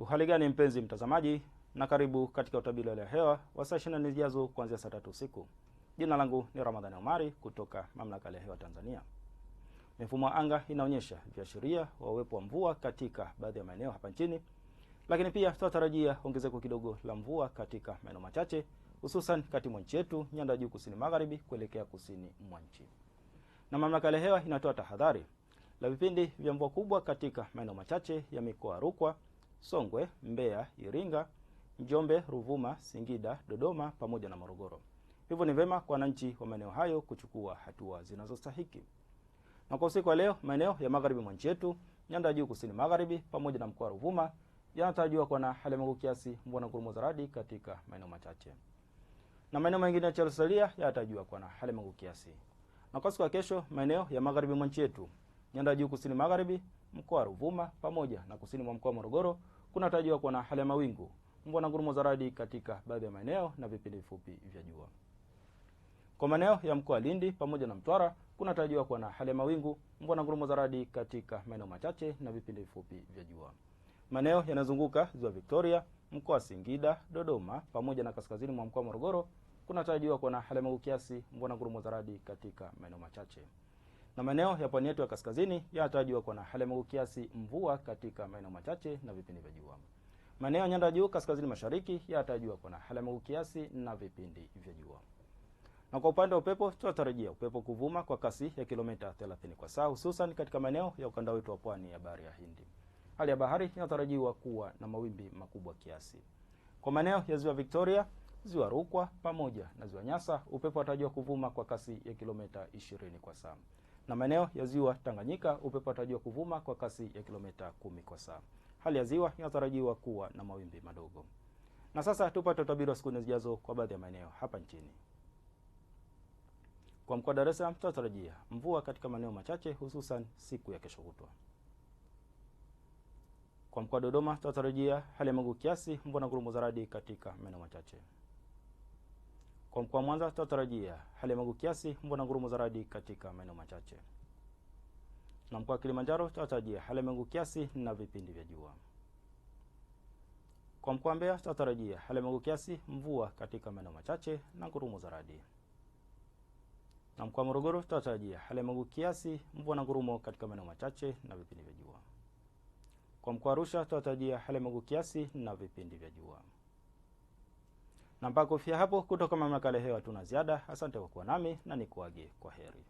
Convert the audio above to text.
Uhali gani mpenzi mtazamaji, na karibu katika utabiri wa hewa wa saa 24 zijazo kuanzia saa tatu usiku. Jina langu ni Ramadhani Omari kutoka Mamlaka ya Hewa Tanzania. Mifumo ya anga inaonyesha viashiria wa uwepo wa mvua katika baadhi ya maeneo hapa nchini, lakini pia tunatarajia ongezeko kidogo la mvua katika maeneo machache, hususan kati mwa nchi yetu, nyanda juu kusini magharibi kuelekea kusini mwa nchi. Na mamlaka ya hewa inatoa tahadhari la vipindi vya mvua kubwa katika maeneo machache ya mikoa Rukwa Songwe, Mbeya, Iringa, Njombe, Ruvuma, Singida, Dodoma pamoja na Morogoro. Hivyo ni vema kwa wananchi wa maeneo hayo kuchukua hatua zinazostahiki. Na kwa usiku wa leo, maeneo ya magharibi mwa nchi yetu, nyanda ya juu kusini magharibi pamoja na mkoa wa Ruvuma yanatarajiwa kuwa na hali ya mawingu kiasi, mvua na ngurumo za radi katika maeneo machache, na maeneo mengine ya yaliyosalia yanatarajiwa kuwa na hali ya mawingu kiasi. Na kwa siku ya kesho, maeneo ya magharibi mwa nchi yetu nyanda juu kusini magharibi, mkoa wa Ruvuma pamoja na kusini mwa mkoa wa Morogoro kunatarajiwa kuwa na hali ya mawingu, mvua na ngurumo za radi katika baadhi ya maeneo na vipindi vifupi vya jua. Kwa maeneo ya mkoa wa Lindi pamoja na Mtwara kunatarajiwa kuwa na hali ya mawingu, mvua na ngurumo za radi katika maeneo machache na vipindi vifupi vya jua. Maeneo yanazunguka ziwa Victoria, mkoa wa Singida, Dodoma pamoja na kaskazini mwa mkoa wa Morogoro kunatarajiwa kuwa na hali ya mawingu kiasi, mvua na ngurumo za radi katika maeneo machache na maeneo ya pwani yetu ya kaskazini yanatarajiwa kuwa na hali ya mawingu kiasi, mvua katika maeneo machache na vipindi vya jua. Maeneo ya nyanda ya juu kaskazini mashariki yanatarajiwa kuwa na hali ya mawingu kiasi na vipindi vya jua. Na kwa upande wa upepo, tunatarajia upepo kuvuma kwa kasi ya kilomita 30 kwa saa, hususan katika maeneo ya ukanda wetu wa pwani ya bahari ya Hindi. Hali ya bahari inatarajiwa kuwa na mawimbi makubwa kiasi. Kwa maeneo ya ziwa Victoria, ziwa Rukwa pamoja na ziwa Nyasa, upepo unatarajiwa kuvuma kwa kasi ya kilomita 20 kwa saa na maeneo ya ziwa Tanganyika upepo unatarajiwa kuvuma kwa kasi ya kilomita kumi kwa saa. Hali ya ziwa inatarajiwa kuwa na mawimbi madogo. Na sasa tupate utabiri wa siku nne zijazo kwa baadhi ya maeneo hapa nchini. Kwa mkoa wa Dar es Salaam tunatarajia mvua katika maeneo machache hususan siku ya kesho kutwa. Kwa mkoa wa Dodoma tunatarajia hali ya mawingu kiasi, mvua na ngurumo za radi katika maeneo machache. Kwa mkoa wa Mwanza tutatarajia hali ya mawingu kiasi, mvua na ngurumo za radi katika maeneo machache, na mkoa wa Kilimanjaro tutatarajia hali ya mawingu kiasi na vipindi vya jua. Kwa mkoa wa Mbeya tutatarajia hali ya mawingu kiasi, mvua katika maeneo machache na ngurumo za radi, na mkoa wa Morogoro tutatarajia hali ya mawingu kiasi, mvua na ngurumo katika maeneo machache na vipindi vya jua. Kwa mkoa wa Arusha tutatarajia hali ya mawingu kiasi na vipindi vya jua na mpaka kufia hapo, kutoka mamlaka ya Hewa hatuna ziada. Asante kwa kuwa nami na nikuage kwa heri.